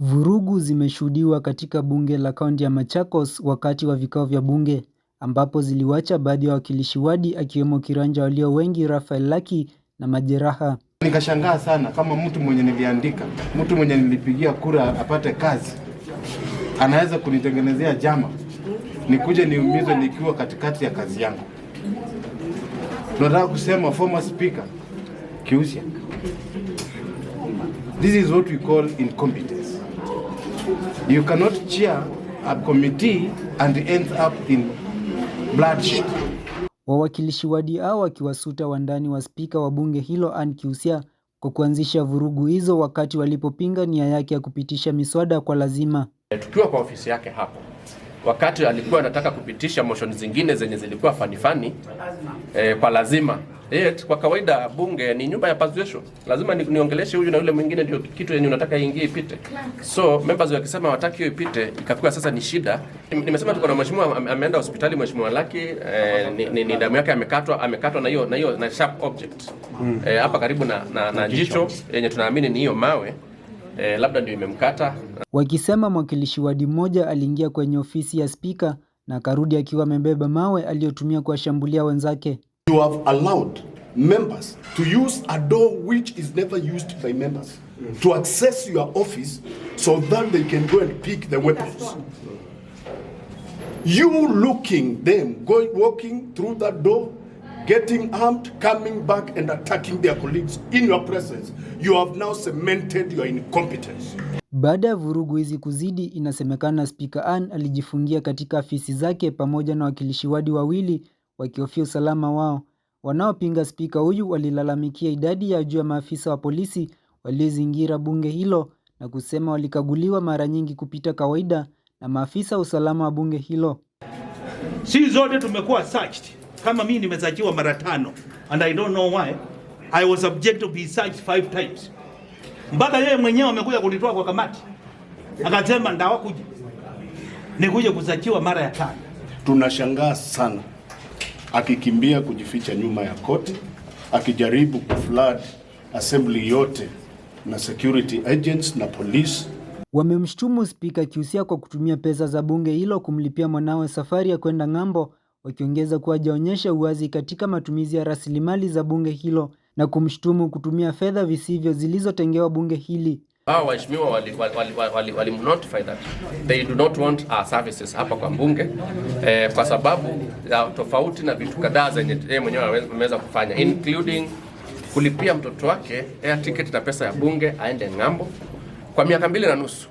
Vurugu zimeshuhudiwa katika bunge la kaunti ya Machakos wakati wa vikao vya bunge ambapo ziliwacha baadhi ya wawakilishi wadi akiwemo kiranja walio wengi rafael Laki na majeraha. Nikashangaa sana kama mtu mwenye niliandika, mtu mwenye nilipigia kura apate kazi, anaweza kunitengenezea jama, nikuje niumizwe nikiwa katikati ya kazi yangu. Nataka kusema former speaker Kiusia, this is what we call incompetence. You cannot chair a committee and end up in bloodshed. Wawakilishi wa DA wakiwasuta wandani wa spika wa bunge hilo an Kiusya kwa kuanzisha vurugu hizo wakati walipopinga nia yake ya kupitisha miswada kwa lazima. Tukiwa kwa ofisi yake hapo wakati alikuwa anataka kupitisha motion zingine zenye zilikuwa fanifani eh, kwa lazima Yet, eh, kwa kawaida bunge ni nyumba ya pazuesho, lazima niongeleshe huyu na yule mwingine, ndio kitu yenye unataka ingie ipite. So members wakisema watakio hiyo ipite, ikakuwa sasa ni shida. Nimesema tuko na mheshimiwa ameenda hospitali, mheshimiwa Laki eh, ni, ni, ni damu yake amekatwa, amekatwa na hiyo na hiyo na sharp object hmm. eh, hapa eh, karibu na, na, na jicho yenye tunaamini ni hiyo mawe eh, labda ndio imemkata. Wakisema mwakilishi wadi mmoja aliingia kwenye ofisi ya spika na karudi akiwa amebeba mawe aliyotumia kuwashambulia wenzake. You have allowed members to use a door which is never used by members to access your office so that they can go and pick the weapons. You looking them going walking through that door getting armed, coming back and attacking their colleagues in your presence, you have now cemented your incompetence. Baada ya vurugu hizi kuzidi, inasemekana Spika Ann alijifungia katika afisi zake pamoja na wakilishi wadi wawili wakihofia usalama wao. Wanaopinga spika huyu walilalamikia idadi ya juu ya maafisa wa polisi waliozingira bunge hilo na kusema walikaguliwa mara nyingi kupita kawaida na maafisa wa usalama wa bunge hilo. Si zote tumekuwa searched kama mimi nimezajiwa mara tano and I don't know why I was subject to be searched five times. Mpaka yeye mwenyewe amekuja kunitoa kwa kamati akasema ndawakuja nikuje kuzajiwa mara ya tano. Tunashangaa sana akikimbia kujificha nyuma ya koti, akijaribu kuflood assembly yote na security agents na police. Wamemshtumu spika Kiusia kwa kutumia pesa za bunge hilo kumlipia mwanawe safari ya kwenda ng'ambo wakiongeza kuwa hajaonyesha uwazi katika matumizi ya rasilimali za bunge hilo na kumshutumu kutumia fedha visivyo zilizotengewa bunge hili. Hawa waheshimiwa walimnotify that they do not want our services hapa kwa bunge eh, kwa sababu ya tofauti na vitu kadhaa zenye yeye mwenyewe ameweza kufanya including kulipia mtoto wake air ticket na pesa ya bunge aende ng'ambo kwa miaka mbili na nusu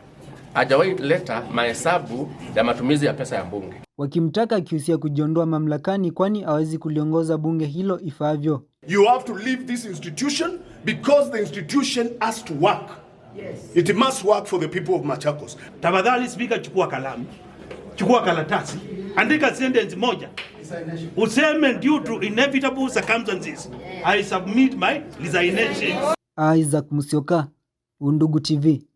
hajawahi leta mahesabu ya matumizi ya pesa ya bunge, wakimtaka akihusia kujiondoa mamlakani, kwani hawezi kuliongoza bunge hilo ifaavyo. You have to leave this institution because the institution has to work. Yes. It must work for the people of Machakos. Tafadhali Spika, chukua kalamu, chukua karatasi, andika sentence moja useme due to inevitable circumstances I submit my resignation. Isaac Undugu TV.